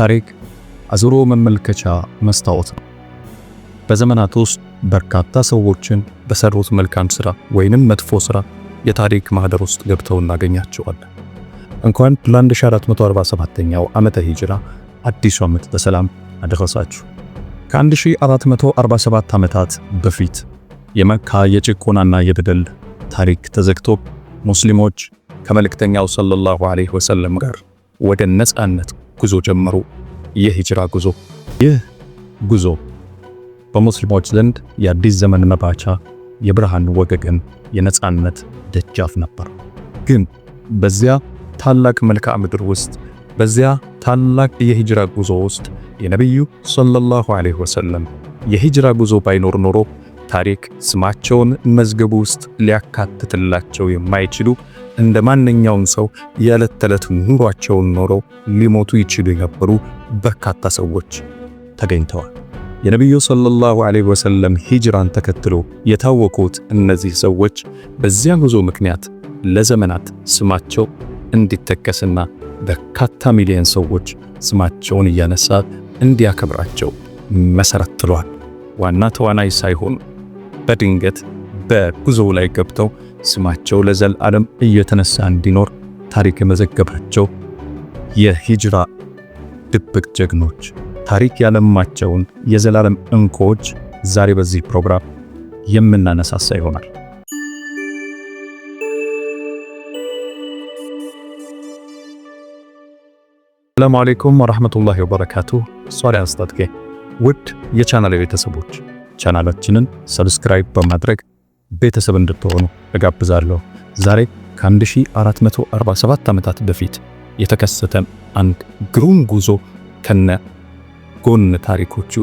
ታሪክ አዙሮ መመልከቻ መስታወት ነው። በዘመናት ውስጥ በርካታ ሰዎችን በሰሩት መልካም ስራ ወይንም መጥፎ ስራ የታሪክ ማህደር ውስጥ ገብተው እናገኛቸዋለን። እንኳን ለ1447ኛው ዓመተ ሂጅራ አዲሱ ዓመት በሰላም አደረሳችሁ። ከ1447 ዓመታት በፊት የመካ የጭቆናና የበደል ታሪክ ተዘግቶ ሙስሊሞች ከመልእክተኛው ሰለላሁ ዐለይሂ ወሰለም ጋር ወደ ነጻነት ጉዞ ጀመሩ። የሂጅራ ጉዞ ይህ ጉዞ በሙስሊሞች ዘንድ የአዲስ ዘመን መባቻ፣ የብርሃን ወገግን የነጻነት ደጃፍ ነበር። ግን በዚያ ታላቅ መልክዓ ምድር ውስጥ በዚያ ታላቅ የሂጅራ ጉዞ ውስጥ የነቢዩ ሰለላሁ ዐለይሂ ወሰለም የሂጅራ ጉዞ ባይኖር ኖሮ ታሪክ ስማቸውን መዝገቡ ውስጥ ሊያካትትላቸው የማይችሉ እንደ ማንኛውም ሰው የዕለት ተዕለት ኑሯቸውን ኖረው ሊሞቱ ይችሉ የነበሩ በርካታ ሰዎች ተገኝተዋል። የነቢዩ ሰለላሁ ዐለይሂ ወሰለም ሂጅራን ተከትሎ የታወቁት እነዚህ ሰዎች በዚያ ጉዞ ምክንያት ለዘመናት ስማቸው እንዲተከስና በርካታ ሚሊዮን ሰዎች ስማቸውን እያነሳ እንዲያከብራቸው መሰረት ጥሏል። ዋና ተዋናይ ሳይሆን በድንገት በጉዞው ላይ ገብተው ስማቸው ለዘላለም እየተነሳ እንዲኖር ታሪክ የመዘገባቸው የሂጅራ ድብቅ ጀግኖች ታሪክ ያለማቸውን የዘላለም እንቁዎች ዛሬ በዚህ ፕሮግራም የምናነሳሳ ይሆናል። ሰላሙ አሌይኩም ወራህመቱላሂ ወበረካቱ። ሷሪያ አስታጥቄ ውድ የቻናል ቤተሰቦች ቻናላችንን ሰብስክራይብ በማድረግ ቤተሰብ እንድትሆኑ እጋብዛለሁ። ዛሬ ከ1447 ዓመታት በፊት የተከሰተ አንድ ግሩም ጉዞ ከነ ጎን ታሪኮቹ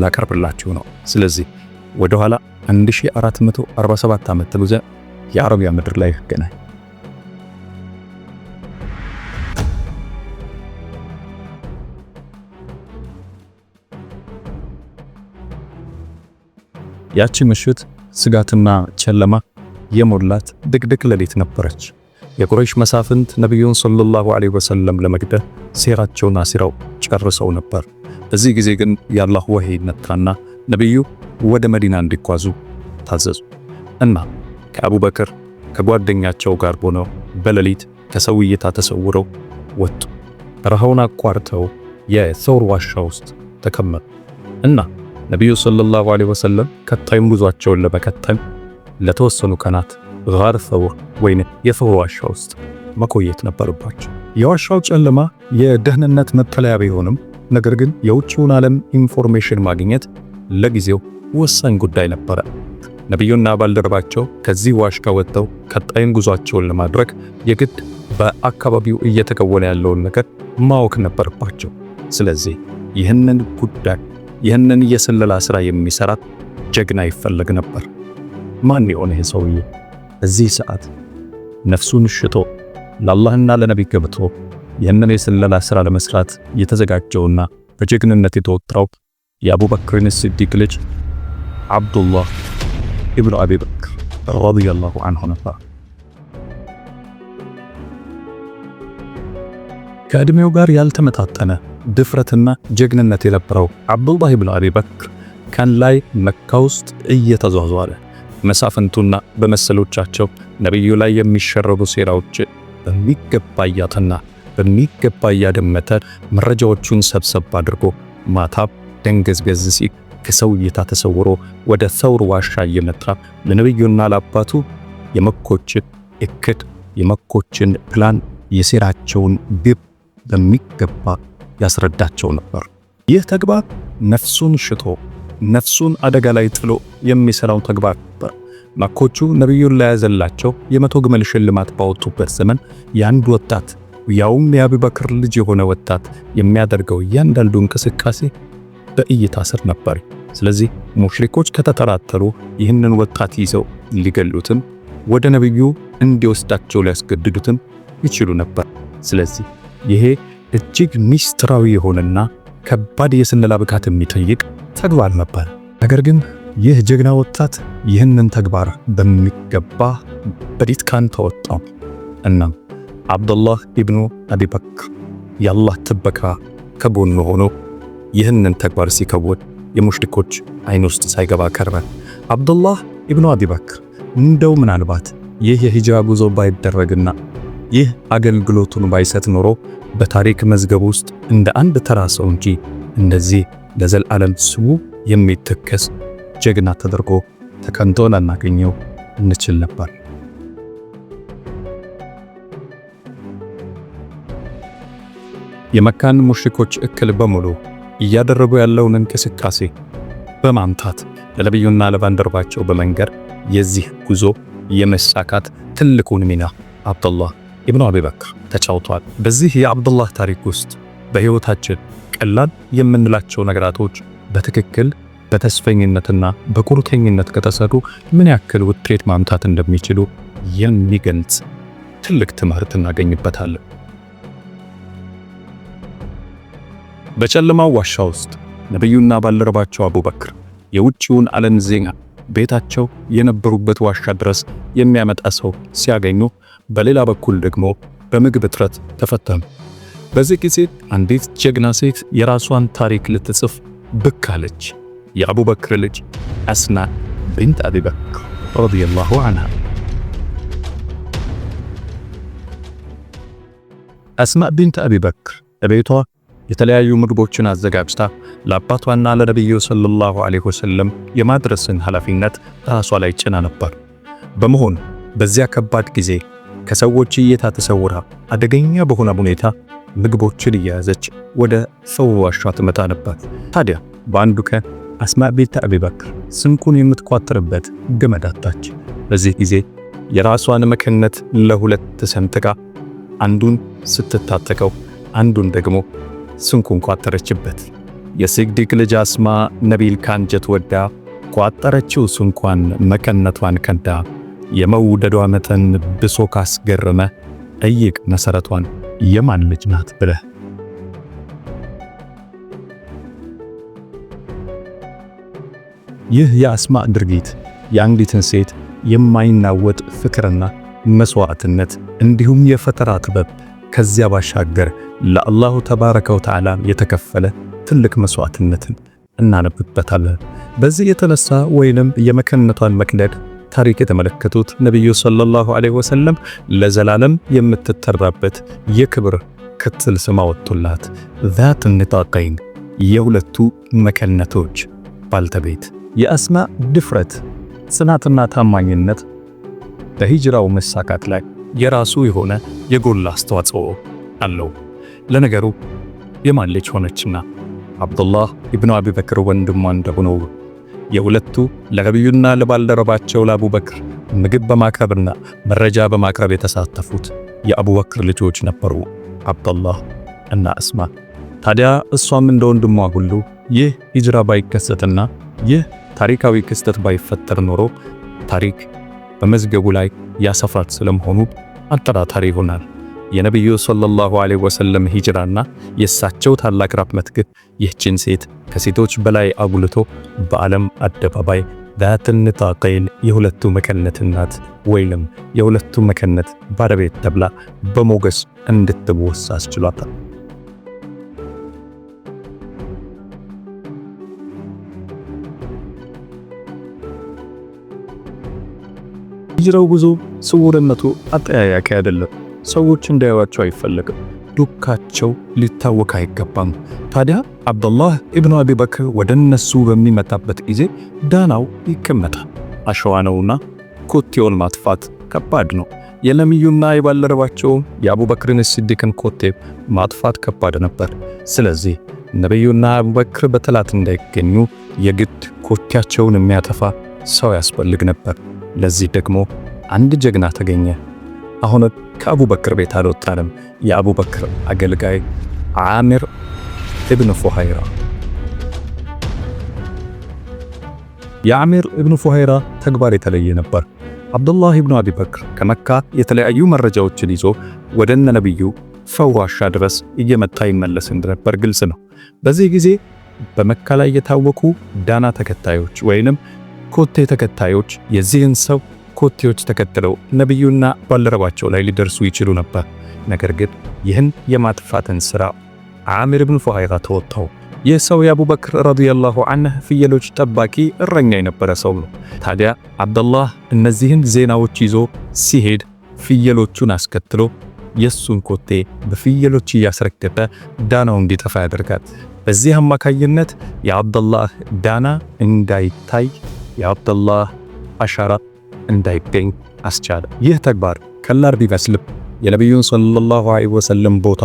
ላቀርብላችሁ ነው። ስለዚህ ወደ ኋላ 1447 ዓመት ተጉዘ የአረቢያ ምድር ላይ ገናኝ ያቺ ምሽት ስጋትና ቸለማ የሞላት ድቅድቅ ሌሊት ነበረች። የቁረይሽ መሳፍንት ነቢዩን ሰለላሁ ዐለይሂ ወሰለም ለመግደል ሴራቸውን አሲረው ጨርሰው ነበር። በዚህ ጊዜ ግን የአላህ ወህይ ነካና ነቢዩ ወደ መዲና እንዲጓዙ ታዘዙ እና ከአቡበክር ከጓደኛቸው ጋር ሆኖ በሌሊት ከሰው እይታ ተሰውረው ወጡ። በረሃውን አቋርተው የሰውር ዋሻ ውስጥ ተከመጡ እና ነቢዩ ሰለላሁ ዐለይሂ ወሰለም ቀጣዩን ጉዟቸውን ለመቀጠል ለተወሰኑ ቀናት ጋር ፈውር ወይንም የፈውር ዋሻ ውስጥ መቆየት ነበረባቸው። የዋሻው ጨለማ የደህንነት መጠለያ ቢሆንም ነገር ግን የውጭውን ዓለም ኢንፎርሜሽን ማግኘት ለጊዜው ወሳኝ ጉዳይ ነበረ። ነቢዩና ባልደረባቸው ከዚህ ዋሻ ወጥተው ቀጣዩን ጉዟቸውን ለማድረግ የግድ በአካባቢው እየተከወነ ያለውን ነገር ማወቅ ነበረባቸው። ስለዚህ ይህንን ጉዳይ ይህንን የስለላ ሥራ የሚሠራ ጀግና ይፈለግ ነበር። ማን የሆነ ይሄ ሰውዬ? እዚህ ሰዓት ነፍሱን ሽቶ ለአላህና ለነቢይ ገብቶ ይህንን የስለላ ሥራ ለመሥራት የተዘጋጀውና በጀግንነት የተወጥረው የአቡበክርን ስዲቅ ልጅ ዓብዱላህ ኢብኑ አቢ በክር ረዲየላሁ አንሁ ነበር። ከዕድሜው ጋር ያልተመጣጠነ ድፍረትና ጀግንነት የነበረው አብዱላህ ብን አቢ በክር ቀን ላይ መካ ውስጥ እየተዟዟረ መሳፍንቱና በመሰሎቻቸው ነቢዩ ላይ የሚሸረቡ ሴራዎች በሚገባ እያጠና በሚገባ እያደመጠ መረጃዎቹን ሰብሰብ አድርጎ ማታ ደንገዝገዝ ሲል ከሰው እይታ ተሰውሮ ወደ ተውር ዋሻ እየመጣ ለነቢዩና ለአባቱ የመኮች እክድ የመኮችን ፕላን የሴራቸውን ግብ በሚገባ ያስረዳቸው ነበር። ይህ ተግባር ነፍሱን ሽቶ ነፍሱን አደጋ ላይ ጥሎ የሚሰራው ተግባር ነበር። መኮቹ ነቢዩን ለያዘላቸው የመቶ ግመል ሽልማት ባወጡበት ዘመን የአንድ ወጣት ያውም የአቡበክር ልጅ የሆነ ወጣት የሚያደርገው እያንዳንዱ እንቅስቃሴ በእይታ ስር ነበር። ስለዚህ ሙሽሪኮች ከተጠራጠሩ ይህንን ወጣት ይዘው ሊገሉትም ወደ ነቢዩ እንዲወስዳቸው ሊያስገድዱትም ይችሉ ነበር። ስለዚህ ይሄ እጅግ ሚስጥራዊ የሆነና ከባድ የስለላ ብቃት የሚጠይቅ ተግባር ነበር። ነገር ግን ይህ ጀግና ወጣት ይህንን ተግባር በሚገባ በዲትካን ተወጣው። እናም አብዱላህ ኢብኑ አቢ በክር የአላህ ጥበቃ ከጎኑ ሆኖ ይህንን ተግባር ሲከወድ የሙሽሪኮች አይን ውስጥ ሳይገባ ቀረ። አብዱላህ ኢብኑ አቢ በክር እንደው ምናልባት ይህ የሂጅራ ጉዞ ባይደረግና ይህ አገልግሎቱን ባይሰጥ ኖሮ በታሪክ መዝገብ ውስጥ እንደ አንድ ተራ ሰው እንጂ እንደዚህ ለዘላለም ስሙ የሚተከስ ጀግና ተደርጎ ተቀንቶ ላናገኘው እንችል ነበር። የመካን ሙሽኮች እክል በሙሉ እያደረጉ ያለውን እንቅስቃሴ በማምታት ለነቢዩና ለባንደርባቸው በመንገር የዚህ ጉዞ የመሳካት ትልቁን ሚና አብዱላህ ኢብኑ አቢበክር ተጫውቷል። በዚህ የአብዱላህ ታሪክ ውስጥ በሕይወታችን ቀላል የምንላቸው ነገራቶች በትክክል በተስፈኝነትና በቁርተኝነት ከተሰሩ ምን ያክል ውጤት ማምጣት እንደሚችሉ የሚገልጽ ትልቅ ትምህርት እናገኝበታለን። በጨለማው ዋሻ ውስጥ ነቢዩና ባልደረባቸው አቡበክር የውጭውን ዓለም ዜና ቤታቸው የነበሩበት ዋሻ ድረስ የሚያመጣ ሰው ሲያገኙ በሌላ በኩል ደግሞ በምግብ እጥረት ተፈተኑ። በዚህ ጊዜ አንዲት ጀግና ሴት የራሷን ታሪክ ልትጽፍ ብቅ አለች። የአቡበክር ልጅ አስማ ቢንት አቢበክር ረዲየላሁ አንሃ። አስማ ቢንት አቢበክር እቤቷ የተለያዩ ምግቦችን አዘጋጅታ ለአባቷና ለነቢዩ ሰለላሁ ዐለይሂ ወሰለም የማድረስን ኃላፊነት ራሷ ላይ ጭና ነበር። በመሆኑ በዚያ ከባድ ጊዜ ከሰዎች እይታ ተሰውራ አደገኛ በሆነ ሁኔታ ምግቦችን እየያዘች ወደ ሰው ዋሻ ትመጣ ነበር። ታዲያ በአንዱ ቀን አስማ ቢንት አቢበክር ስንቁን የምትቋጥርበት ገመድ አጣች። በዚህ ጊዜ የራሷን መከነት ለሁለት ተሰንጥቃ አንዱን ስትታጠቀው፣ አንዱን ደግሞ ስንቁን ቋጠረችበት። የሲግዲቅ ልጅ አስማ ነቢል ካንጀት ወዳ ቋጠረችው ስንኳን መከነቷን ከንዳ የመውደዷ መጠን ብሶ ካስገረመ ጠይቅ መሰረቷን የማን ልጅ ናት ብለህ። ይህ የአስማ ድርጊት የአንዲትን ሴት የማይናወጥ ፍቅርና መስዋዕትነት እንዲሁም የፈጠራ ጥበብ ከዚያ ባሻገር ለአላሁ ተባረከ ወተዓላ የተከፈለ ትልቅ መስዋዕትነትን እናነብበታለን። በዚህ የተነሳ ወይንም የመከነቷን መቅደድ ታሪክ የተመለከቱት ነቢዩ ሰለላሁ ዐለይሂ ወሰለም ለዘላለም የምትጠራበት የክብር ክትል ስም አወጡላት። ዛት ኒጣቀይን የሁለቱ መከነቶች ባልተቤት የአስማ ድፍረት፣ ጽናትና ታማኝነት በሂጅራው መሳካት ላይ የራሱ የሆነ የጎላ አስተዋጽኦ አለው። ለነገሩ የማን ልጅ ሆነችና አብዱላህ ኢብኑ አቢበክር ወንድሟ እንደሆነው የሁለቱ ለነቢዩና ለባልደረባቸው ለአቡበክር ምግብ በማቅረብና መረጃ በማቅረብ የተሳተፉት የአቡበክር ልጆች ነበሩ፣ አብደላህ እና እስማ። ታዲያ እሷም እንደ ወንድሟ ሁሉ ይህ ሂጅራ ባይከሰትና ይህ ታሪካዊ ክስተት ባይፈጠር ኖሮ ታሪክ በመዝገቡ ላይ ያሰፍራት ስለመሆኑ አጠራጣሪ ይሆናል። የነቢዩ ሰለላሁ ዐለይሂ ወሰለም ሂጅራና የእሳቸው ታላቅ ራህመት ግን ይህችን ሴት ከሴቶች በላይ አጉልቶ በዓለም አደባባይ ዛቱል ኒጣቀይን የሁለቱ መቀነት እናት ወይንም የሁለቱ መከነት ባለቤት ተብላ በሞገስ እንድትወሳ አስችሏታል። ሂጅራው ጉዞ ስውርነቱ አጠያያቂ አይደለም። ሰዎች እንዳያዩዋቸው አይፈለግም። ዱካቸው ሊታወቅ አይገባም። ታዲያ አብዱላህ ኢብኑ አቢበክር ወደ እነሱ በሚመጣበት ጊዜ ዳናው ይቀመጣል። አሸዋ ነውና ኮቴውን ማጥፋት ከባድ ነው። የነቢዩና የባለረባቸው የአቡበክርን ሲዲቅን ኮቴ ማጥፋት ከባድ ነበር። ስለዚህ ነቢዩና አቡበክር በጠላት እንዳይገኙ የግድ ኮቴያቸውን የሚያጠፋ ሰው ያስፈልግ ነበር። ለዚህ ደግሞ አንድ ጀግና ተገኘ። አሁን ከአቡበክር ቤት አልወጣንም። የአቡበክር አገልጋይ ዓሚር እብን ፉሃይራ የዓሚር እብን ፉሃይራ ተግባር የተለየ ነበር። አብዱላህ ብኑ አቢ በክር ከመካ የተለያዩ መረጃዎችን ይዞ ወደነ ነቢዩ ፈዋሻ ድረስ እየመጣ ይመለስ እንደነበር ግልጽ ነው። በዚህ ጊዜ በመካ ላይ የታወቁ ዳና ተከታዮች ወይንም ኮቴ ተከታዮች የዚህን ሰው ኮቴዎች ተከትለው ነቢዩና ባልደረባቸው ላይ ሊደርሱ ይችሉ ነበር። ነገር ግን ይህን የማጥፋትን ሥራ ዓሚር ብን ፉሃይራ ተወጣው። ይህ ሰው የአቡበክር ረዲየላሁ አንህ ፍየሎች ጠባቂ እረኛ የነበረ ሰው ነው። ታዲያ አብደላህ እነዚህን ዜናዎች ይዞ ሲሄድ ፍየሎቹን አስከትሎ የሱን ኮቴ በፍየሎች እያስረገጠ ዳናው እንዲጠፋ ያደርጋል። በዚህ አማካይነት የአብደላህ ዳና እንዳይታይ የአብደላህ አሻራ እንዳይገኝ አስቻለ። ይህ ተግባር ቀላል ቢመስልም የነቢዩን ሰለላሁ ዐለይሂ ወሰለም ቦታ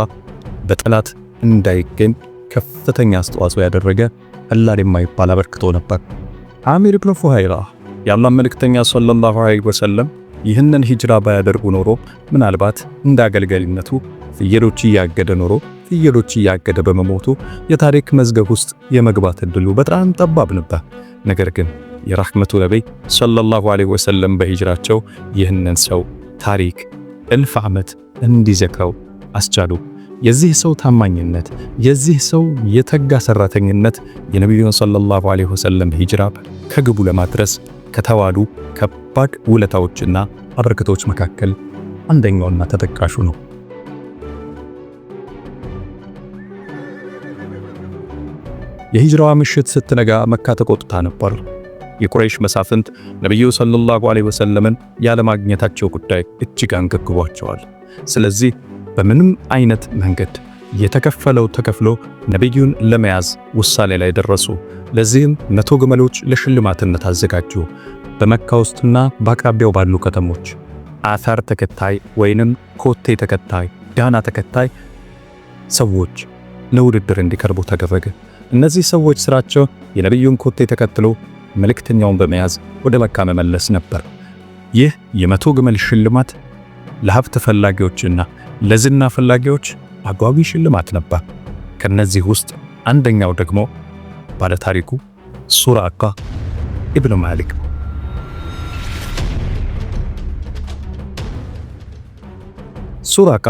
በጠላት እንዳይገኝ ከፍተኛ አስተዋጽኦ ያደረገ ቀላል የማይባል አበርክቶ ነበር። አሚር ኢብኑ ፉሃይራ የአላህ መልእክተኛ ሰለላሁ ዐለይሂ ወሰለም ይህንን ሂጅራ ባያደርጉ ኖሮ ምናልባት እንደ አገልጋይነቱ ፍየሎች እያገደ ኖሮ ፍየሎች እያገደ በመሞቱ የታሪክ መዝገብ ውስጥ የመግባት እድሉ በጣም ጠባብ ነበር። ነገር ግን የራህመቱ ነቢይ ሰለላሁ ዐለይሂ ወሰለም በሂጅራቸው ይህንን ሰው ታሪክ እልፍ ዓመት እንዲዘክረው አስቻሉ። የዚህ ሰው ታማኝነት፣ የዚህ ሰው የተጋ ሰራተኝነት የነቢዩን ሰለላሁ ዐለይሂ ወሰለም ሂጅራ ከግቡ ለማድረስ ከተዋሉ ከባድ ውለታዎችና አበርክቶች መካከል አንደኛውና ተጠቃሹ ነው። የሂጅራዋ ምሽት ስትነጋ መካ ተቆጥታ ነበር። የቁረይሽ መሳፍንት ነቢዩ ሰለላሁ ዐለይሂ ወሰለምን ያለማግኘታቸው ጉዳይ እጅግ አንገግቧቸዋል። ስለዚህ በምንም አይነት መንገድ የተከፈለው ተከፍሎ ነቢዩን ለመያዝ ውሳኔ ላይ ደረሱ። ለዚህም መቶ ግመሎች ለሽልማትነት አዘጋጁ። በመካ ውስጥና በአቅራቢያው ባሉ ከተሞች አፈር ተከታይ ወይንም ኮቴ ተከታይ፣ ዳና ተከታይ ሰዎች ለውድድር እንዲቀርቡ ተደረገ። እነዚህ ሰዎች ስራቸው የነቢዩን ኮቴ ተከትሎ መልእክተኛውን በመያዝ ወደ መካ መመለስ ነበር። ይህ የመቶ ግመል ሽልማት ለሀብት ፈላጊዎችና ለዝና ፈላጊዎች አጓጊ ሽልማት ነበር። ከነዚህ ውስጥ አንደኛው ደግሞ ባለታሪኩ ሱራቃ ኢብኑ ማሊክ ሱራቃ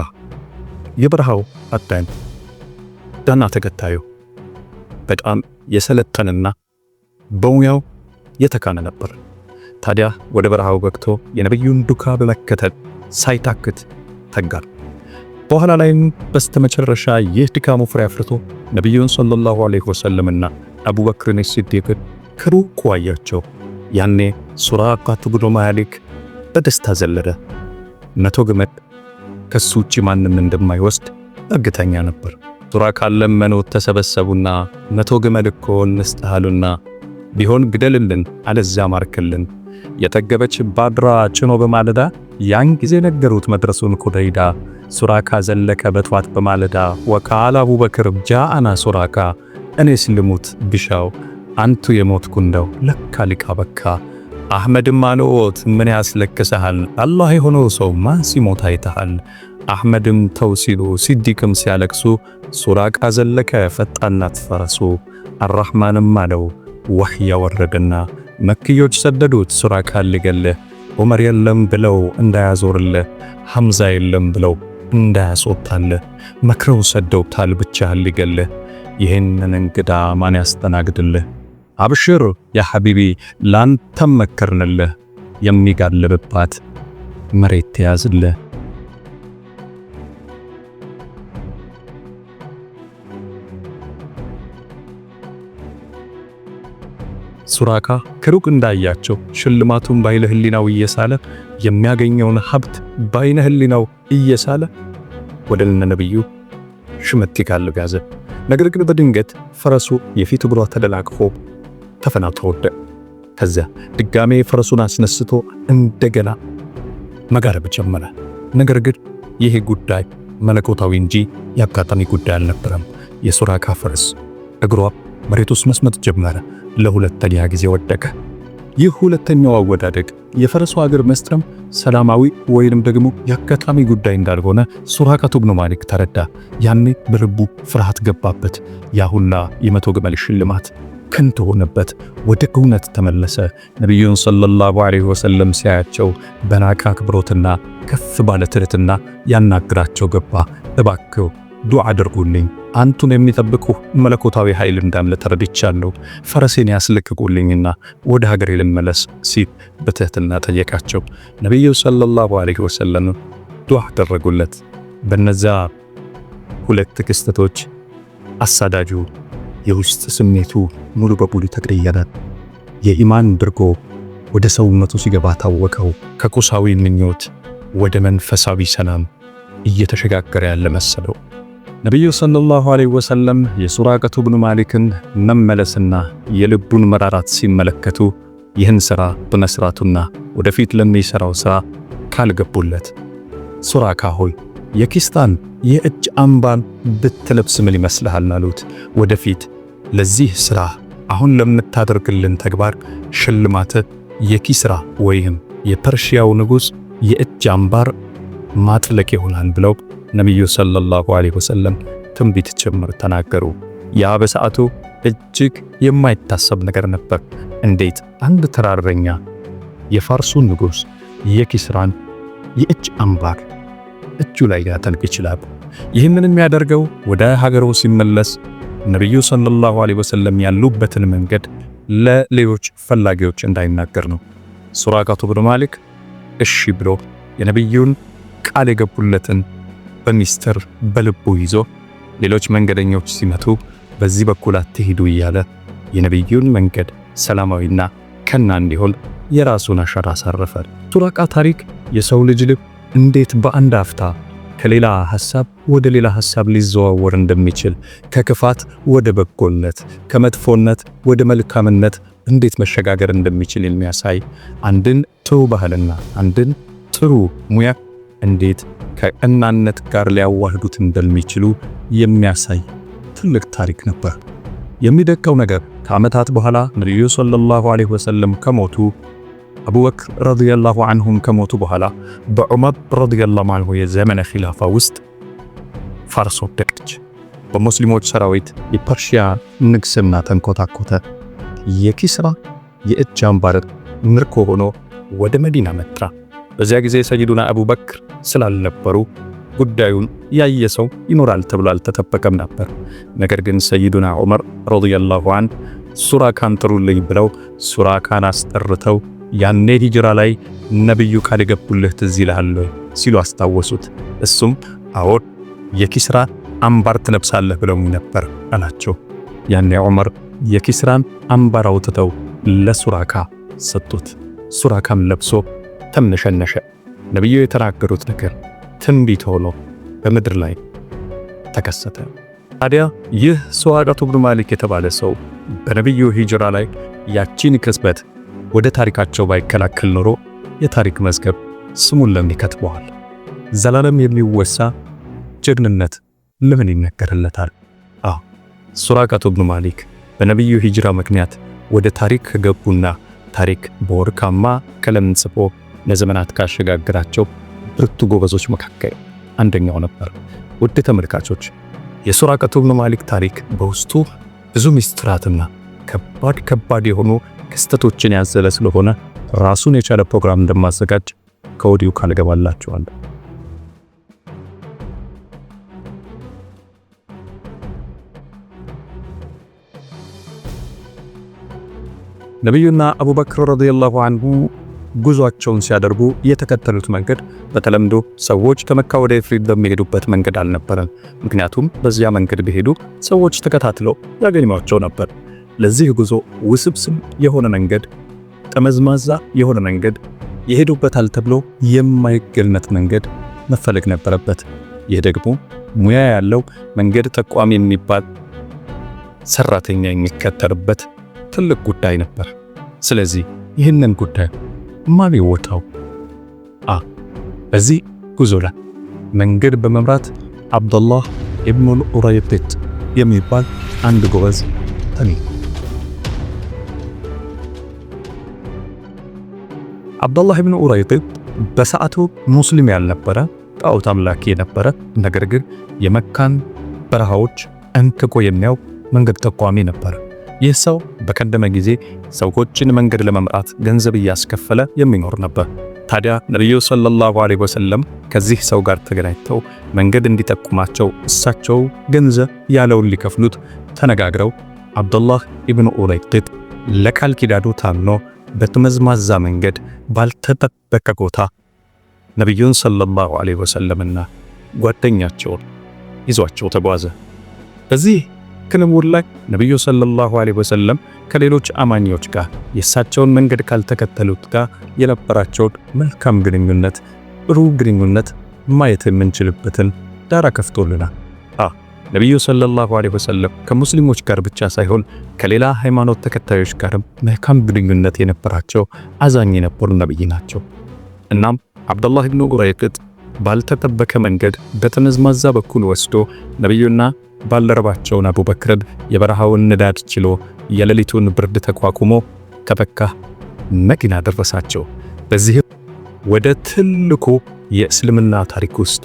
የበረሃው አዳኝ ዳና ተከታዩ በጣም የሰለጠንና በሙያው የተካነ ነበር። ታዲያ ወደ በረሃው በግቶ የነብዩን ዱካ በመከተል ሳይታክት ተጋር። በኋላ ላይም በስተመጨረሻ ይህ ድካሙ ፍሬ አፍርቶ ነቢዩን ሰለላሁ ዐለይሂ ወሰለምና አቡበክርን ሲዲቅን ከሩቁ አያቸው። ያኔ ሱራቃት ብኑ ማሊክ በደስታ ዘለለ። መቶ ግመል ከሱ ውጭ ማንም እንደማይወስድ እርግጠኛ ነበር። ሱራቃን ለመኑት። ተሰበሰቡና መቶ ግመል እኮ እንስጥሃሉና ቢሆን ግደልልን፣ አለዚያ ማርክልን። የተገበች ባድራ ጭኖ በማለዳ ያን ጊዜ ነገሩት መድረሱን ኩደይዳ ሱራካ ዘለከ በጥዋት በማለዳ ወካል አቡበክር ጃአና ሱራካ እኔ ስልሙት ብሻው አንቱ የሞት ኩንደው ለካ ሊቃ በካ አሕመድም አልኦት ምን ያስለክሰሃል አላህ የሆነው ሰው ማን ሲሞት አይተሃል? አሕመድም ተው ሲሉ ሲዲቅም ሲያለቅሱ ሱራቃ ዘለከ ፈጣናት ፈረሱ። አራሕማንም አለው ወህይ ያወረደና መክዮች ሰደዱት። ሥራ ካልገልህ ዑመር የለም ብለው እንዳያዞርልህ፣ ሐምዛ የለም ብለው እንዳያስወጣልህ መክረው ሰደውታል። ብቻህን ሊገልህ ይህንን እንግዳ ማን ያስተናግድልህ? አብሽር ያ ሐቢቢ ላንተም መከርንልህ። የሚጋልብባት መሬት ተያዝልህ። ሱራካ ከሩቅ እንዳያቸው ሽልማቱን ባይነ ህሊናው እየሳለ የሚያገኘውን ሀብት ባይነ ህሊናው እየሳለ ወደ እነ ነብዩ ሽመት ይጋሉ ጋዘ። ነገር ግን በድንገት ፈረሱ የፊት እግሯ ተደላቅፎ ተፈናትሮ ወደቀ። ከዚያ ድጋሜ ፈረሱን አስነስቶ እንደገና መጋረብ ጀመረ። ነገር ግን ይሄ ጉዳይ መለኮታዊ እንጂ የአጋጣሚ ጉዳይ አልነበረም። የሱራካ ፈረስ እግሯ መሬት ውስጥ መስመጥ ጀመረ። ለሁለተኛ ጊዜ ወደቀ። ይህ ሁለተኛው አወዳደቅ የፈረሱ አገር መስጠም ሰላማዊ ወይንም ደግሞ የአጋጣሚ ጉዳይ እንዳልሆነ ሱራቃቱ ብኑ ማሊክ ተረዳ። ያኔ በልቡ ፍርሃት ገባበት። ያሁላ የመቶ ግመል ሽልማት ከንቱ ሆነበት። ወደ እውነት ተመለሰ። ነቢዩን ሰለላሁ ዐለይሂ ወሰለም ሲያያቸው በናቀ አክብሮትና ከፍ ባለ ትሕትና ያናግራቸው ገባ። እባክዎ ዱዓ አድርጉልኝ። አንቱን የሚጠብቁ መለኮታዊ ኃይል እንዳለ ተረድቻለሁ። ፈረሴን ያስለቅቁልኝና ወደ ሀገሬ ልመለስ ሲል በትህትና ጠየቃቸው። ነቢዩ ሰለላሁ ዐለይሂ ወሰለም ዱዓ አደረጉለት። በነዚያ ሁለት ክስተቶች አሳዳጁ የውስጥ ስሜቱ ሙሉ በሙሉ ተግደየናል። የኢማን ድርጎ ወደ ሰውነቱ ሲገባ ታወቀው። ከቁሳዊ ምኞት ወደ መንፈሳዊ ሰላም እየተሸጋገረ ያለ መሰለው። ነቢዩ ሰለላሁ ዐለይሂ ወሰለም የሱራቀቱ ብኑ ማሊክን መመለስና የልቡን መራራት ሲመለከቱ ይህን ሥራ በመሥራቱና ወደፊት ለሚሠራው ሥራ ካልገቡለት ሱራካ ሆይ የኪስታን የእጅ አምባን ብትለብስ ምን ይመስልሃል? አሉት። ወደፊት ለዚህ ሥራ አሁን ለምታደርግልን ተግባር ሽልማት የኪስራ ወይም የፐርሺያው ንጉሥ የእጅ አምባር ማጥለቅ ይሆናል ብለው ነቢዩ ሰለላሁ ዐለይሂ ወሰለም ትንቢት ጭምር ተናገሩ። ያ በሰዓቱ እጅግ የማይታሰብ ነገር ነበር። እንዴት አንድ ተራረኛ የፋርሱ ንጉሥ የኪስራን የእጅ አምባር እጁ ላይ ሊያጠልቅ ይችላል? ይህንን የሚያደርገው ወደ ሀገሩ ሲመለስ ነቢዩ ሰለላሁ ዐለይሂ ወሰለም ያሉበትን መንገድ ለሌሎች ፈላጊዎች እንዳይናገር ነው። ሱራቃቱ ብን ማሊክ እሺ ብሎ የነቢዩን ቃል የገቡለትን በሚስጥር በልቡ ይዞ ሌሎች መንገደኞች ሲመቱ በዚህ በኩል አትሂዱ እያለ የነቢዩን መንገድ ሰላማዊና ከና እንዲሆን የራሱን አሻራ አሳረፈ። ቱላቃ ታሪክ የሰው ልጅ ልብ እንዴት በአንድ አፍታ ከሌላ ሐሳብ ወደ ሌላ ሐሳብ ሊዘዋወር እንደሚችል፣ ከክፋት ወደ በጎነት፣ ከመጥፎነት ወደ መልካምነት እንዴት መሸጋገር እንደሚችል የሚያሳይ አንድን ጥሩ ባህልና አንድን ጥሩ ሙያ እንዴት ከቀናነት ጋር ሊያዋህዱት እንደሚችሉ የሚያሳይ ትልቅ ታሪክ ነበር። የሚደቀው ነገር ከዓመታት በኋላ ነቢዩ ሰለላሁ ዐለይሂ ወሰለም ከሞቱ አቡበክር ረዲየላሁ አንሁም ከሞቱ በኋላ በዑመር ረዲየላሁ ዐንሁ የዘመነ ኺላፋ ውስጥ ፋርስ ወደቀች። በሙስሊሞች ሰራዊት የፐርሺያ ንግስና ተንኮታኮተ። የኪስራ የእጅ አምባር ምርኮ ሆኖ ወደ መዲና መጣ። በዚያ ጊዜ ሰይዱና አቡበክር ስላልነበሩ ጉዳዩን ያየ ሰው ይኖራል ተብሎ አልተጠበቀም ነበር። ነገር ግን ሰይዱና ዑመር ረዲየላሁ አንሁ ሱራካን ጥሩልኝ ብለው ሱራካን አስጠርተው ያኔ ሂጅራ ላይ ነብዩ ቃል የገቡልህ ትዝ ይልሃል ሲሉ አስታወሱት። እሱም አዎን የኪስራ አምባር ትለብሳለህ ብለው ነበር አላቸው። ያኔ ዑመር የኪስራን አምባር አውጥተው ለሱራካ ሰጡት። ሱራካም ለብሶ ተምነሸነሸ። ነቢዩ የተናገሩት ነገር ትንቢት ሆኖ በምድር ላይ ተከሰተ። ታዲያ ይህ ሰዋዳቱ ብኑ ማሊክ የተባለ ሰው በነቢዩ ሂጅራ ላይ ያቺን ክስበት ወደ ታሪካቸው ባይከላከል ኖሮ የታሪክ መዝገብ ስሙን ለምን ይከትበዋል? ዘላለም የሚወሳ ጀግንነት ለምን ይነገርለታል? አዎ ሱዓዳቱ ብኑ ማሊክ በነቢዩ ሂጅራ ምክንያት ወደ ታሪክ ገቡና ታሪክ በወርቃማ ቀለም ጽፎ ለዘመናት ካሸጋገራቸው ብርቱ ጎበዞች መካከል አንደኛው ነበር። ውድ ተመልካቾች የሱራቀቱል ማሊክ ታሪክ በውስጡ ብዙ ሚስጥራትና ከባድ ከባድ የሆኑ ክስተቶችን ያዘለ ስለሆነ ራሱን የቻለ ፕሮግራም እንደማዘጋጅ ከወዲሁ ቃል እገባላችኋለሁ። ነቢዩና አቡበክር ረዲየላሁ አንሁ ጉዟቸውን ሲያደርጉ የተከተሉት መንገድ በተለምዶ ሰዎች ከመካ ወደ በሚሄዱበት መንገድ አልነበረም። ምክንያቱም በዚያ መንገድ ቢሄዱ ሰዎች ተከታትለው ያገኟቸው ነበር። ለዚህ ጉዞ ውስብስብ የሆነ መንገድ፣ ጠመዝማዛ የሆነ መንገድ፣ ይሄዱበታል ተብሎ የማይገልነት መንገድ መፈለግ ነበረበት። ይህ ደግሞ ሙያ ያለው መንገድ ጠቋሚ የሚባል ሰራተኛ የሚከተርበት ትልቅ ጉዳይ ነበር። ስለዚህ ይህንን ጉዳይ ማን ይወጣው? አ በዚህ ጉዞ ላይ መንገድ በመምራት አብዱላህ ኢብኑል ኡረይጢጥ የሚባል አንድ ጎበዝ ተኒ አብዱላህ ኢብኑ ኡረይጢጥ በሰዓቱ ሙስሊም ያልነበረ ጣዖት አምላኪ የነበረ ነገር ግን የመካን በረሃዎች እንቅቆ የሚያው መንገድ ጠቋሚ ነበር። ይህ ሰው በቀደመ ጊዜ ሰዎችን መንገድ ለመምራት ገንዘብ እያስከፈለ የሚኖር ነበር። ታዲያ ነቢዩ ሰለላሁ ዐለይሂ ወሰለም ከዚህ ሰው ጋር ተገናኝተው መንገድ እንዲጠቁማቸው እሳቸው ገንዘብ ያለውን ሊከፍሉት ተነጋግረው አብዱላህ ኢብኑ ኡለይቅጥ ለቃል ኪዳዱ ታምኖ በጠመዝማዛ መንገድ ባልተጠበቀ ቦታ ነቢዩን ሰለላሁ ዐለይሂ ወሰለምና ጓደኛቸውን ይዟቸው ተጓዘ። በዚህ ክንውን ላይ ነቢዩ ሰለላሁ ዐለይሂ ወሰለም ከሌሎች አማኞች ጋር የእሳቸውን መንገድ ካልተከተሉት ጋር የነበራቸውን መልካም ግንኙነት፣ ጥሩ ግንኙነት ማየት የምንችልበትን ዳራ ከፍቶልናል። አ ነቢዩ ሰለላሁ ዐለይሂ ወሰለም ከሙስሊሞች ጋር ብቻ ሳይሆን ከሌላ ሃይማኖት ተከታዮች ጋርም መልካም ግንኙነት የነበራቸው አዛኝ የነበሩ ነብይ ናቸው። እናም አብዱላህ ኢብኑ ዑረይቅጥ ባልተጠበቀ መንገድ በጠመዝማዛ በኩል ወስዶ ነቢዩና ባልደረባቸውን አቡበክርን የበረሃውን ንዳድ ችሎ የሌሊቱን ብርድ ተቋቁሞ ከበካ መዲና ደረሳቸው። በዚህም ወደ ትልቁ የእስልምና ታሪክ ውስጥ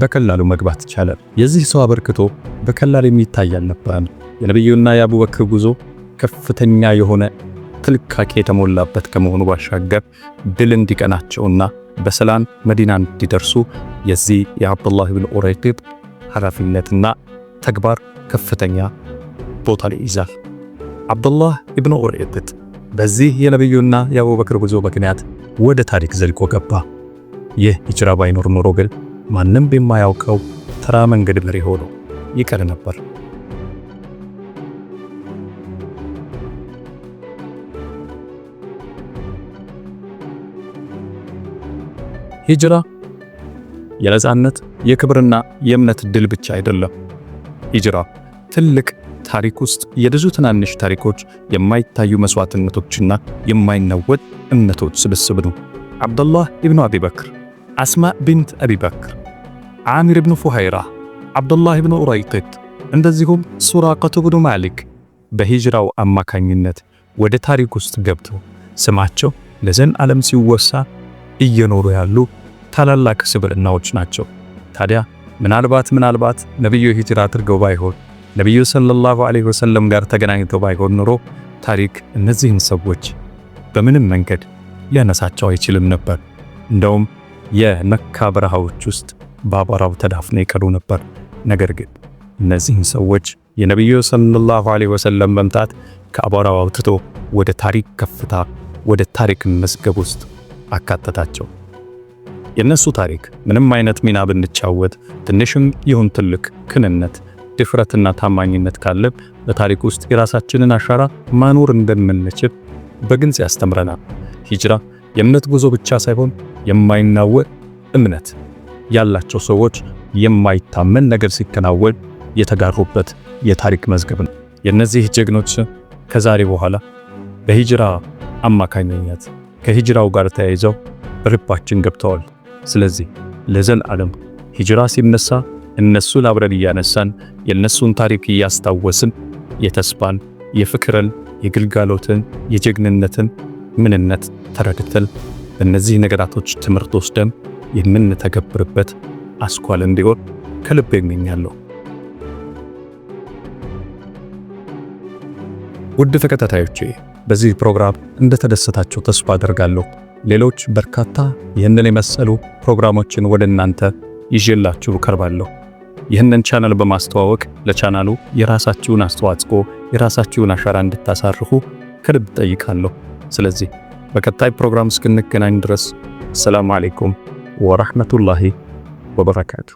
በቀላሉ መግባት ቻለ። የዚህ ሰው አበርክቶ በቀላል የሚታይ አልነበረም። የነቢዩና የአቡበክር ጉዞ ከፍተኛ የሆነ ትልካቄ የተሞላበት ከመሆኑ ባሻገር ድል እንዲቀናቸውና በሰላም መዲና እንዲደርሱ የዚህ የአብዱላህ ብን ኡረይጢጥ ኃላፊነትና ተግባር ከፍተኛ ቦታ ላይ ይዛል። አብዱላህ ኢብኑ ኡርኢጥ በዚህ የነቢዩና የአቡበክር ጉዞ ምክንያት ወደ ታሪክ ዘልቆ ገባ። ይህ ሂጅራ ባይኖር ኖሮ ግን ማንም የማያውቀው ተራ መንገድ መሪ ሆኖ ይቀር ነበር። ሂጅራ የነፃነት የክብርና የእምነት ድል ብቻ አይደለም። ሂጅራ ትልቅ ታሪክ ውስጥ የብዙ ትናንሽ ታሪኮች፣ የማይታዩ መስዋዕትነቶችና የማይናወጥ እምነቶች ስብስብ ነው። አብዱላህ ኢብኑ አቢበክር፣ አስማ ቢንት አቢበክር፣ ዓሚር ኢብኑ ፉሃይራ፣ አብዱላህ ኢብኑ ኡረይቅት እንደዚሁም ሱራቀቱ ብኑ ማሊክ በሂጅራው አማካኝነት ወደ ታሪክ ውስጥ ገብቶ ስማቸው ለዘን ዓለም ሲወሳ እየኖሩ ያሉ ታላላቅ ስብዕናዎች ናቸው። ታዲያ ምናልባት ምናልባት ነቢዩ ሂጅራ አድርገው ባይሆን ነቢዩ ሰለላሁ ዐለይሂ ወሰለም ጋር ተገናኝተው ባይሆን ኖሮ ታሪክ እነዚህን ሰዎች በምንም መንገድ ሊያነሳቸው አይችልም ነበር። እንደውም የመካ በረሃዎች ውስጥ በአቧራው ተዳፍነው ይቀሩ ነበር። ነገር ግን እነዚህን ሰዎች የነቢዩ ሰለላሁ ዐለይሂ ወሰለም መምጣት ከአቧራው አውጥቶ ወደ ታሪክ ከፍታ፣ ወደ ታሪክ መዝገብ ውስጥ አካተታቸው። የእነሱ ታሪክ ምንም አይነት ሚና ብንጫወት፣ ትንሽም ይሁን ትልቅ ክንነት፣ ድፍረትና ታማኝነት ካለን በታሪክ ውስጥ የራሳችንን አሻራ ማኖር እንደምንችል በግልጽ ያስተምረናል። ሂጅራ የእምነት ጉዞ ብቻ ሳይሆን የማይናወጥ እምነት ያላቸው ሰዎች የማይታመን ነገር ሲከናወን የተጋሩበት የታሪክ መዝገብ ነው። የእነዚህ ጀግኖች ከዛሬ በኋላ በሂጅራ አማካኝነት ከሂጅራው ጋር ተያይዘው በልባችን ገብተዋል። ስለዚህ ለዘል ዓለም ሂጅራ ሲነሳ እነሱን አብረን እያነሳን የእነሱን ታሪክ እያስታወስን የተስፋን፣ የፍቅርን፣ የግልጋሎትን፣ የጀግንነትን ምንነት ተረድተን በእነዚህ ነገራቶች ትምህርት ወስደን የምንተገብርበት አስኳል እንዲሆን ከልብ እመኛለሁ። ውድ ተከታታዮቼ በዚህ ፕሮግራም እንደተደሰታችሁ ተስፋ አደርጋለሁ። ሌሎች በርካታ ይህንን የመሰሉ ፕሮግራሞችን ወደ እናንተ ይዤላችሁ ቀርባለሁ። ይህንን ቻናል በማስተዋወቅ ለቻናሉ የራሳችሁን አስተዋጽኦ፣ የራሳችሁን አሻራ እንድታሳርፉ ከልብ ጠይቃለሁ። ስለዚህ በቀጣይ ፕሮግራም እስክንገናኝ ድረስ ሰላም አሌይኩም ወራህመቱላሂ ወበረካቱ።